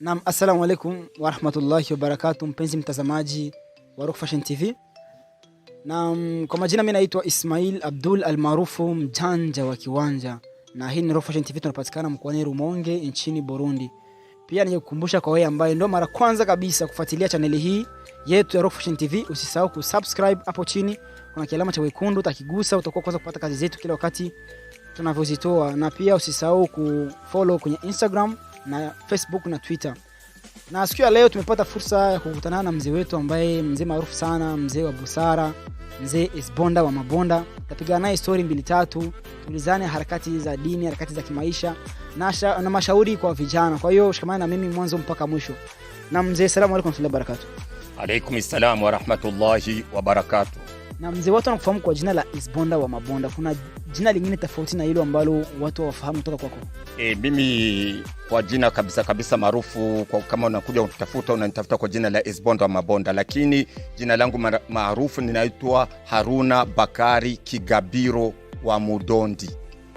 Naam, assalamu alaikum warahmatullahi wabarakatuh, mpenzi mtazamaji wa Rock Fashion TV. Naam, kwa majina mimi naitwa Ismail Abdul almaarufu mjanja wa kiwanja, na hii ni Rock Fashion TV, tunapatikana mkoani Rumonge nchini Burundi. Pia nikukumbusha kwa wewe ambaye ndio mara kwanza kabisa kufuatilia chaneli hii yetu ya Rock Fashion TV, usisahau kusubscribe. Hapo chini kuna kialama cha wekundu, utakigusa utakuwa kwanza kupata kazi zetu kila wakati tunavyozitoa, na pia usisahau kufollow kwenye Instagram na Facebook na Twitter. Na siku ya leo tumepata fursa ya kukutana na mzee wetu ambaye mzee maarufu sana, mzee wa busara, mzee Esbonda wa Mabonda. Tapigana naye story mbili tatu, tulizane harakati za dini, harakati za kimaisha na, sha, na mashauri kwa vijana. Kwa hiyo shikamana na mimi mwanzo mpaka mwisho. Na mzee, salamu alaykum wa salam wa rahmatullahi wa barakatuh na mzee watu wanakufahamu kwa jina la Isbonda wa Mabonda. Kuna jina lingine tofauti na hilo ambalo watu wawafahamu kutoka kwako? E, mimi kwa jina kabisa kabisa maarufu kama unakuja kutafuta unanitafuta kwa jina la Isbonda wa Mabonda, lakini jina langu maarufu ninaitwa Haruna Bakari Kigabiro wa Mudondi.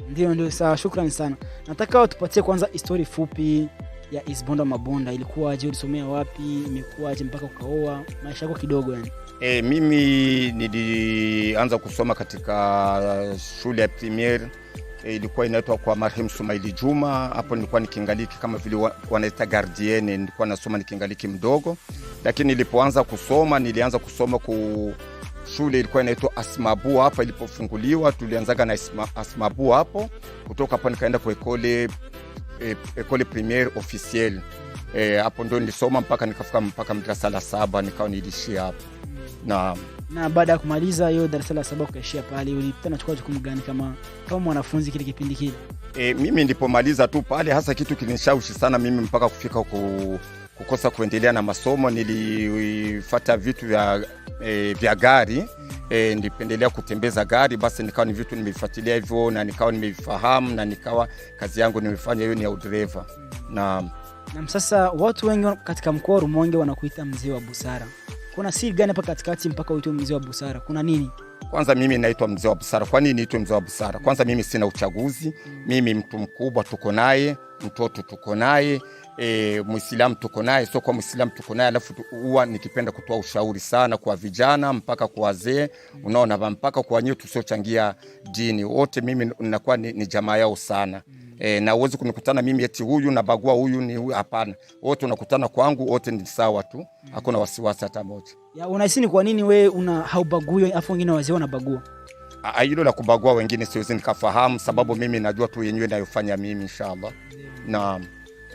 Ndio, ndio, sawa, shukrani sana. Nataka tupatie kwanza histori fupi ya Isbonda Mabonda ilikuwaje? Ulisomea wapi? Imekuwaje mpaka ukaoa? Maisha yako kidogo yani. E, mimi nilianza kusoma katika uh, shule ya premier e, eh, ilikuwa inaitwa kwa marhem Sumaili Juma. Hapo nilikuwa nikingaliki kama vile wanaita gardiene, nilikuwa nasoma nikingaliki mdogo, lakini nilipoanza kusoma nilianza kusoma ku shule ilikuwa inaitwa Asmabu hapa ilipofunguliwa, tulianzaga na Asmabu hapo. Kutoka hapo nikaenda kwa ekole Eh, école primaire officielle eh, hapo e, ndo nilisoma mpaka nikafika mpaka darasa la saba nikawa nilishia hapo na na baada ya kumaliza hiyo darasa la saba ukaishia pale, ulipita jukumu gani kama kama mwanafunzi kile kipindi kile? E, mimi nilipomaliza tu pale, hasa kitu kilinishawishi sana mimi mpaka kufika ku, kukosa kuendelea na masomo, nilifata vitu vya, e, vya gari mm e, nilipendelea kutembeza gari, basi nikawa ni vitu nimevifuatilia hivyo na nikawa nimevifahamu na nikawa kazi yangu nimefanya hiyo ni ya udereva. na, Na sasa watu wengi katika mkoa wa Rumonge wanakuita mzee wa busara. Kuna si gani hapa katikati mpaka uitwe mzee wa busara? Kuna nini? Kwanza mimi naitwa mzee wa busara. Kwa nini niitwe mzee wa busara? Kwanza mimi sina uchaguzi, mimi mtu mkubwa tuko naye, mtoto tuko naye E, Muislamu tuko naye, sio kwa Muislamu tuko naye. Alafu huwa nikipenda kutoa ushauri sana kwa vijana mpaka kwa wazee, unaona, mpaka kwa wenyewe tusiochangia dini, wote mimi nakuwa ni, ni jamaa yao sana e, na uwezi kunikutana mimi eti huyu na bagua huyu ni huyu. Hapana, wote unakutana kwangu, wote ni sawa tu, hakuna wasiwasi hata moja. Ya, unahisi ni kwa nini wewe una haubagui afu wengine wazee wanabagua? Hilo la kubagua wengine siwezi nikafahamu, sababu mimi najua tu yenyewe nayofanya mimi inshallah. Na,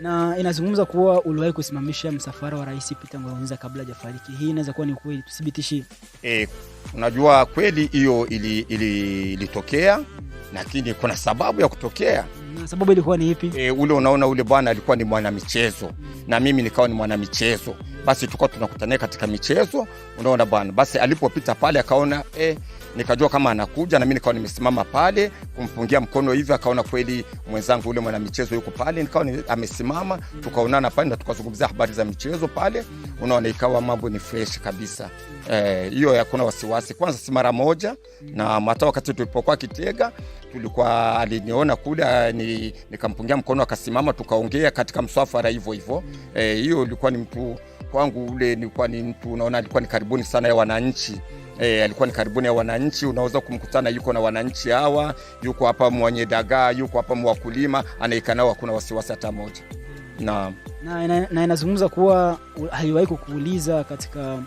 na inazungumza kuwa uliwahi kusimamisha msafara wa Rais Peter Ngurunziza kabla hajafariki. Hii inaweza kuwa ni kweli, tuthibitishie. E, unajua kweli hiyo ilitokea ili, ili, lakini kuna sababu ya kutokea mm sababu ilikuwa ni ipi? E, ule unaona, ule bwana alikuwa ni mwanamichezo mm. na mimi nikawa ni mwanamichezo, basi tulikuwa tunakutana katika michezo, unaona bwana. Basi alipopita pale akaona e, nikajua kama anakuja, na mimi nikawa nimesimama pale kumpungia mkono hivyo, akaona kweli mwenzangu ule mwanamichezo yuko pale, nikawa amesimama, tukaonana pale na tukazungumzia habari za michezo pale, unaona, ikawa mambo ni fresh kabisa eh, hiyo. E, hakuna wasiwasi. Kwanza si mara moja, na hata wakati tulipokuwa Kitega tulikuwa aliniona kule ni, nikampungia mkono akasimama, tukaongea katika msafara hivyo hivyo mm. eh, hiyo. E, ilikuwa ni mtu kwangu ule, nilikuwa ni mtu unaona, alikuwa ni karibuni sana ya wananchi e, alikuwa ni karibuni ya wananchi, unaweza kumkutana yuko na wananchi hawa, yuko hapa mwenye dagaa, yuko hapa mwakulima, anaika nao, hakuna wasiwasi hata moja mm. na na inazungumza na kuwa haiwahi kukuuliza katika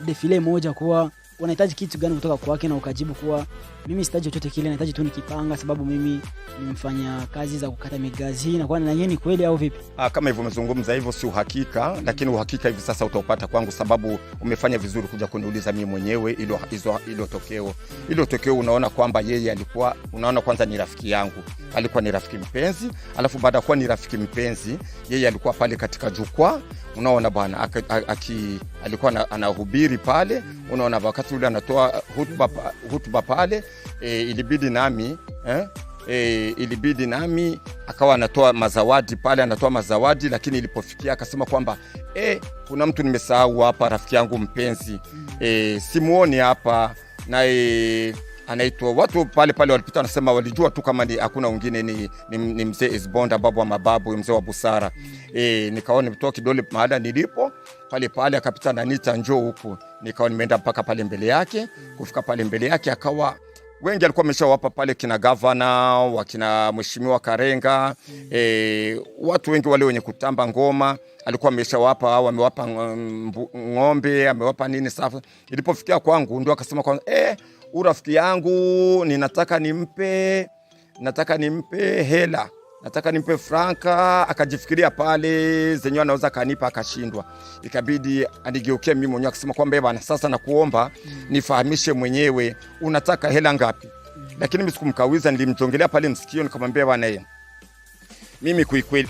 defile moja kuwa wanahitaji kitu gani kutoka kwake, na ukajibu kuwa mimi sitaji chochote kile, nahitaji tu nikipanga, sababu mimi nimfanya kazi za kukata migazi. Na kwa nani, ni kweli au vipi? Ah, kama hivyo umezungumza hivyo, si uhakika mm Lakini uhakika hivi sasa utaupata kwangu, sababu umefanya vizuri kuja kuniuliza mimi mwenyewe ilo hizo ilo tokeo ilo tokeo. Unaona kwamba yeye alikuwa, unaona kwanza ni rafiki yangu, alikuwa ni rafiki mpenzi, alafu baada ya kuwa ni rafiki mpenzi, yeye alikuwa pale katika jukwaa, unaona bwana aki alikuwa anahubiri pale, unaona wakati ule anatoa hutuba, hutuba pale e, ilibidi nami eh? E, ilibidi nami akawa anatoa mazawadi pale, anatoa mazawadi, lakini ilipofikia akasema kwamba e, kuna mtu nimesahau hapa, rafiki yangu mpenzi e, simuoni hapa naye anaitwa watu pale pale walipita, wanasema walijua tu kama ni hakuna wengine ni, ni, ni mzee Isbonda, babu wa mababu, mzee wa busara mm. E, nikawa nimetoa kidole mahala nilipo pale pale, akapita nanita, njoo huku. Nikawa nimeenda mpaka pale mbele yake. Kufika pale mbele yake akawa wengi alikuwa ameshawapa pale kina gavana wakina mheshimiwa Karenga E, watu wengi wale wenye kutamba ngoma alikuwa ameshawapa au amewapa ng'ombe amewapa nini. Safi ilipofikia kwangu ndio akasema kwa eh, urafiki yangu ninataka nimpe nataka nimpe hela nataka nimpe franka, akajifikiria pale zenyewe anaweza kanipa, akashindwa, ikabidi anigeukie mimi mwenyewe akisema kwamba eh bana, sasa nakuomba mm. nifahamishe mwenyewe unataka hela ngapi? Mm. Lakini mimi sikumkawiza, nilimtongelea pale msikio, nikamwambia bana, yeye eh, mimi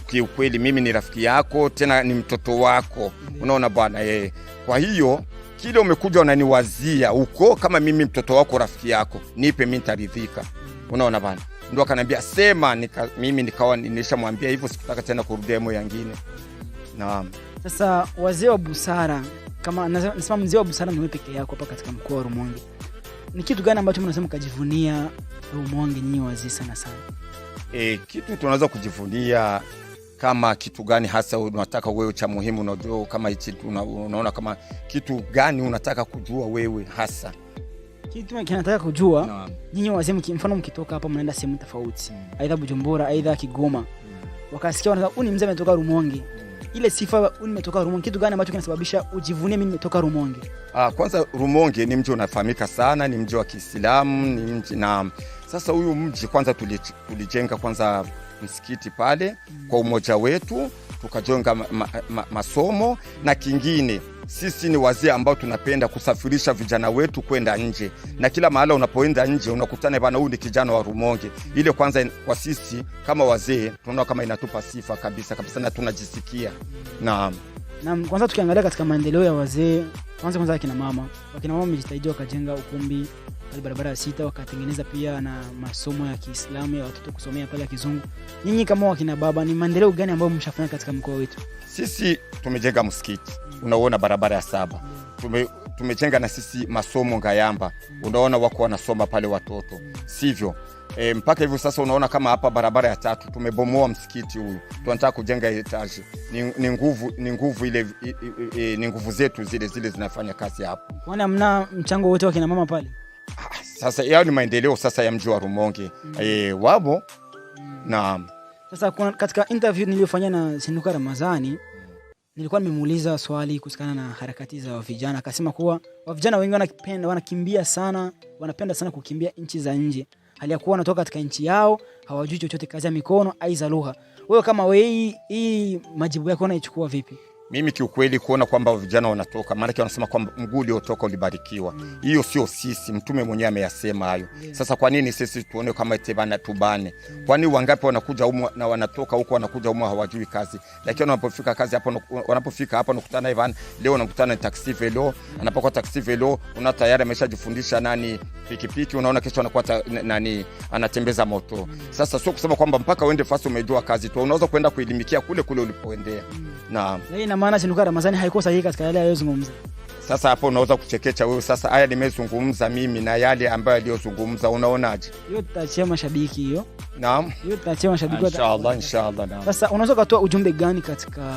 kiukweli, mimi ni rafiki yako, tena ni mtoto wako, mm. unaona bwana yeye. Eh. Kwa hiyo kile umekuja unaniwazia huko, kama mimi mtoto wako, rafiki yako, nipe mimi, nitaridhika, unaona bwana ndo akanambia sema nika, mimi nikawa nilishamwambia hivyo, sikutaka tena kurudia hemo yangine. Naam. Sasa wazee wa busara, kama nasema mzee wa busara mwe peke yako hapa katika mkoa wa Rumonge, ni kitu gani ambacho mnasema kajivunia Rumonge nyinyi wazee sana sana? E, kitu tunaweza kujivunia kama kitu gani hasa unataka wewe cha muhimu, unajua kama hichi unaona kama kitu gani unataka kujua wewe hasa kitu kinataka kujua Nyinyi wazee mfano mkitoka hapa mnaenda sehemu tofauti mm. aidha Bujumbura aidha Kigoma mm. wakasikia wanaanza uni mzee ametoka Rumonge mm. ile sifa nimetoka Rumonge, kitu gani ambacho kinasababisha ujivunie mimi nimetoka Rumonge? Ah, kwanza Rumonge ni mji unafahamika sana, ni mji wa Kiislamu, ni mji na sasa huyu mji kwanza tulijenga kwanza msikiti pale mm. kwa umoja wetu tukajenga ma, ma, ma, masomo na kingine sisi ni wazee ambao tunapenda kusafirisha vijana wetu kwenda nje, na kila mahala unapoenda nje unakutana bana, huyu ni kijana wa Rumonge. Ile kwanza, kwa sisi kama wazee tunaona kama inatupa sifa kabisa kabisa, na tunajisikia na Na kwanza tukiangalia katika maendeleo ya wazee, kwanza kwanza akina mama, akina mama wamejitahidi wakajenga ukumbi pale barabara ya sita, wakatengeneza pia na masomo ya Kiislamu ya watoto kusomea pale ya Kizungu. Nyinyi kama wakina baba, ni maendeleo gani ambayo mshafanya katika mkoa wetu? Sisi tumejenga msikiti unaona barabara ya saba tume tumechenga na sisi masomo Ngayamba, unaona wako wanasoma pale watoto, sivyo? E, mpaka hivyo sasa unaona kama hapa barabara ya tatu tumebomoa msikiti huyu, tunataka kujenga etaji. Ni, ni nguvu ni nguvu ile i, i, i, ni nguvu zetu zile zile zinafanya kazi hapo. Wana mna mchango wote wa kina mama pale sasa, yao ni maendeleo sasa ya mji wa Rumonge mm. E, wabo mm. Naam, sasa katika interview niliyofanya na Sinduka Ramazani nilikuwa nimemuuliza swali kuhusiana na harakati za vijana, akasema kuwa vijana wengi wanakipenda, wanakimbia sana, wanapenda sana kukimbia nchi za nje, hali ya kuwa wanatoka katika nchi yao, hawajui chochote kazi ya mikono ai za lugha. Wewe kama wewe, hii majibu yako unaichukua vipi? mimi kiukweli kuona kwamba vijana wanatoka, maanake wanasema kwamba mguu uliotoka ulibarikiwa. Hiyo mm. sio sisi, Mtume mwenyewe ameyasema hayo. yeah. Sasa kwa nini sisi tuone kama tebana tubane? mm. Kwani wangapi wanakuja umu na wanatoka huko, wanakuja humu hawajui kazi, lakini mm. wanapofika kazi hapo, wanapofika hapa nakutana Ivan leo, nakutana taxi velo, mm. anapokuwa taxi velo, una tayari ameshajifundisha nani pikipiki, unaona kesho anakuwa nani anatembeza moto. mm. Sasa sio kusema kwamba mpaka uende fasi umejua kazi tu, unaweza kwenda kuelimikia kule kule ulipoendea. mm. Yaani na maana Chanukara Ramadhani haiko sahihi katika yale aliyozungumza. Sasa hapo unaweza kuchekecha wewe. Sasa haya nimezungumza mimi na yale ambayo aliyozungumza, unaonaje? Hiyo tutachia mashabiki hiyo. Naam, hiyo tutachia mashabiki inshallah, inshallah. Naam, sasa unaweza kutoa ujumbe gani katika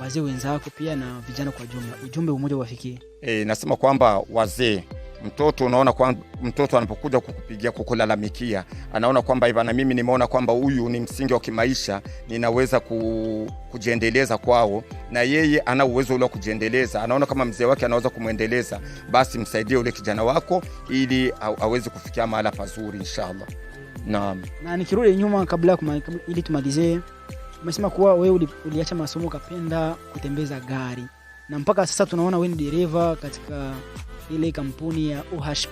wazee wenzako pia na vijana kwa jumla, ujumbe umoja uwafikie? Eh, nasema kwamba wazee mtoto unaona kwa mtoto anapokuja kukupigia kukulalamikia, anaona kwamba ivana, mimi nimeona kwamba huyu ni msingi wa kimaisha, ninaweza ku, kujiendeleza kwao, na yeye ana uwezo ule wa kujiendeleza, anaona kama mzee wake anaweza kumwendeleza, basi msaidie ule kijana wako ili aweze kufikia mahala pazuri inshallah. Naam, na nikirudi nyuma kabla ili tumalizie, umesema kuwa wewe uliacha masomo ukapenda kutembeza gari na mpaka sasa tunaona wewe ni dereva katika ile kampuni ya UHP.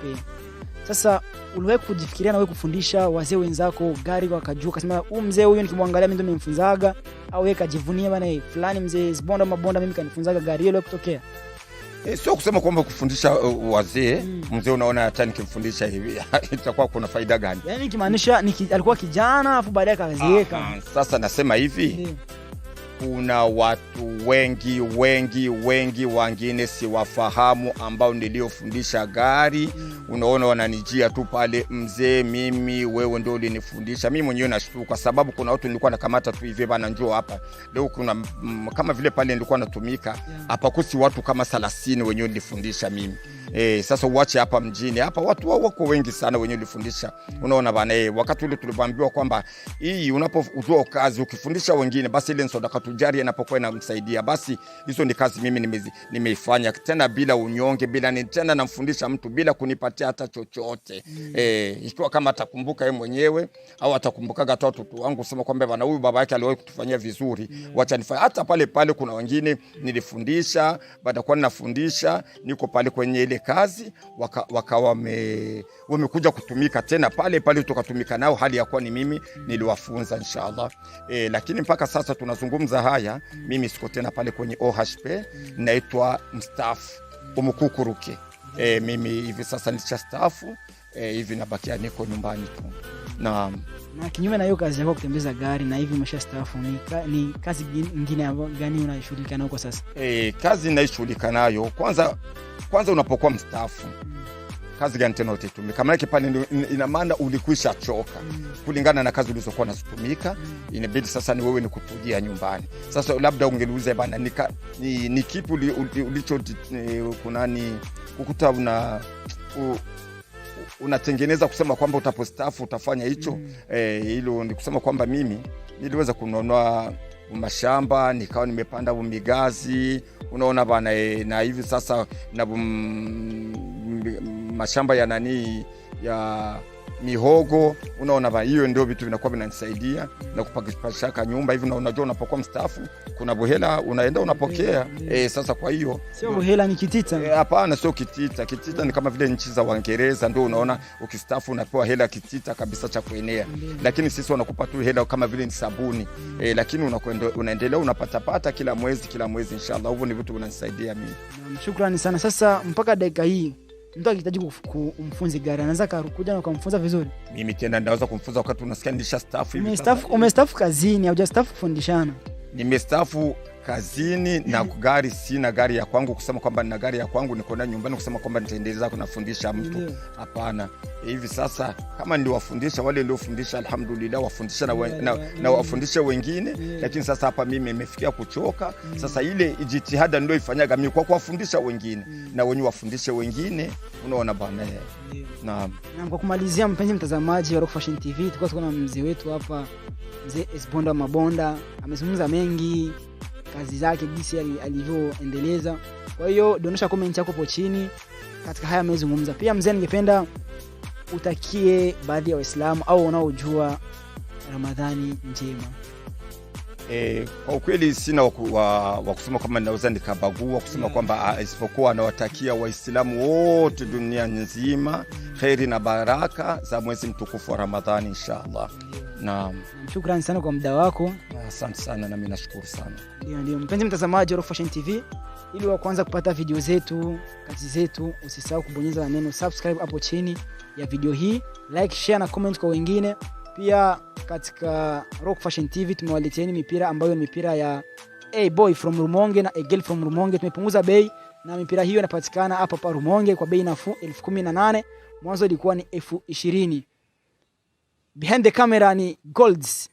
Sasa uliwahi kujifikiria na wewe kufundisha wazee wenzako gari wakajua, kasema huyu mzee huyu nikimwangalia mimi ndo nimemfunzaga, au yeye kajivunia bana, eh, fulani mzee zibonda mabonda mimi kanifunzaga gari hilo kutokea? E, eh, sio kusema kwamba kufundisha uh, uh wazee mm. Mzee unaona hata nikimfundisha hivi itakuwa kuna faida gani? Yaani kimaanisha alikuwa kijana afu baadaye akazeeka. Sasa nasema hivi yeah. Hmm kuna watu wengi wengi wengi wangine siwafahamu ambao niliofundisha gari mm. Unaona, wananijia tu pale, mzee, mimi wewe ndio ulinifundisha. mi mwenyewe kwa sababu kuna watu nilikuwa nakamata tu hivi bana, njoo hapa leo. Kuna mm, kama vile pale nilikuwa natumika hapakusi yeah. watu kama 30 wenyewe nilifundisha mimi mm. E, sasa uwache hapa mjini hapa watu wako wengi sana wenye ulifundisha, unaona bana. E, wakati ule tulipoambiwa kwamba hii unapotoa kazi ukifundisha wengine, basi ile sadaka tujari inapokuwa inamsaidia, basi hizo ni kazi mimi nimeifanya tena bila unyonge, bila ni tena namfundisha mtu bila kunipatia hata chochote mm. E, ikiwa kama atakumbuka yeye mwenyewe au atakumbuka hata watoto wangu sema kwamba bana, huyu baba yake aliwahi kutufanyia vizuri mm. Wacha nifanye hata pale pale. Kuna wengine nilifundisha, baada kwa ninafundisha niko pale kwenye ile kazi waka, waka wame, wamekuja kutumika tena pale pale, tukatumika nao hali ya kuwa ni mimi niliwafunza inshallah. E, lakini mpaka sasa tunazungumza haya, mimi siko tena pale kwenye OHP, naitwa mstaafu Umukukuruke. E, mimi hivi sasa nilishastaafu. E, hivi nabakia niko nyumbani tu. Naam. na kinyume na hiyo kazi yako kutembeza gari na hivi umesha ni, ni kazi nyingine gani unashughulika nayo kwa sasa? Eh, kazi ninaishughulika nayo kwanza, kwanza unapokuwa mstaafu mm. Kazi gani tena utaitumika? Kama yake pale, ina maana ulikwisha choka mm. kulingana na kazi ulizokuwa nazitumika mm. inabidi sasa ni wewe ni kutulia nyumbani. Sasa labda ungeniuliza bana, ni, ni, ni kipi ulicho uli, uli, eh, kunani kukuta una u, unatengeneza kusema kwamba utapostafu utafanya hicho mm. Eh, hilo ni kusema kwamba mimi niliweza kununua mashamba nikawa nimepanda migazi unaona bana e, na hivi sasa na mashamba ya nani ya mihogo, unaona hiyo ndio vitu vinakuwa vinanisaidia na kupakishaka nyumba hivi. Unajua, unapokuwa mstaafu kuna buhela unaenda unapokea e, sasa kwa hiyo sio buhela ni kitita. Eh, hapana, e, sio kitita. Kitita ni kama vile nchi za Waingereza ndio unaona, ukistaafu unapewa hela kitita kabisa cha kuenea, mm-hmm. lakini sisi wanakupa tu hela kama vile ni sabuni e, lakini unaendelea unapatapata kila mwezi kila mwezi, inshallah. Hivyo ni vitu vinanisaidia mimi. Shukrani sana. Sasa mpaka dakika hii mtu akihitaji gari anaweza karukuja na ukamfunza vizuri. Mimi tena naweza kumfunza wakati unasikia nilisha staff hivi. Umestafu kazini, haujastaafu kufundishana. nimestafu kazini na gari sina gari ya kwangu, kusema kwamba nina gari ya kwangu niko na nyumbani, kusema kwamba nitaendeleza kunafundisha mtu, hapana. Hivi sasa kama niliwafundisha wale niliofundisha, alhamdulillah, wafundisha na, we, na, na wafundishe wengine, lakini sasa hapa mimi imefikia kuchoka. Sasa ile jitihada nilioifanyaga mimi kwa kuwafundisha wengine na wenye wafundishe wengine, unaona bwana. Naam, na kwa kumalizia, mpenzi mtazamaji wa Rockfashion TV, tulikuwa na mzee wetu hapa, mzee Esbonda Mabonda amezungumza mengi kazi zake jinsi alivyoendeleza. Kwa hiyo donesha comment yako hapo chini katika haya amezungumza. Pia mzee, ningependa utakie baadhi ya Waislamu au wanaojua Ramadhani njema. E, kwa ukweli sina wa kusema kwamba ninaweza nikabagua kusema yeah, mm. kwamba ah, isipokuwa anawatakia Waislamu wote dunia nzima kheri na baraka za mwezi mtukufu wa Ramadhani inshallah. Naam, shukrani sana kwa muda wako. Asante sana nami nashukuru sana. Ndio, ndio mpenzi mtazamaji wa Fashion TV, ili wa kwanza kupata video zetu, kazi zetu, usisahau kubonyeza neno subscribe hapo chini ya video hii, like, share na comment kwa wengine. Pia katika Rock Fashion TV tumewaleteni mipira ambayo ni mipira ya A boy from Rumonge na A girl from Rumonge. Tumepunguza bei na mipira hiyo inapatikana hapa pa Rumonge kwa bei nafuu elfu kumi na nane mwanzo ilikuwa ni elfu ishirini. Behind the camera ni Golds.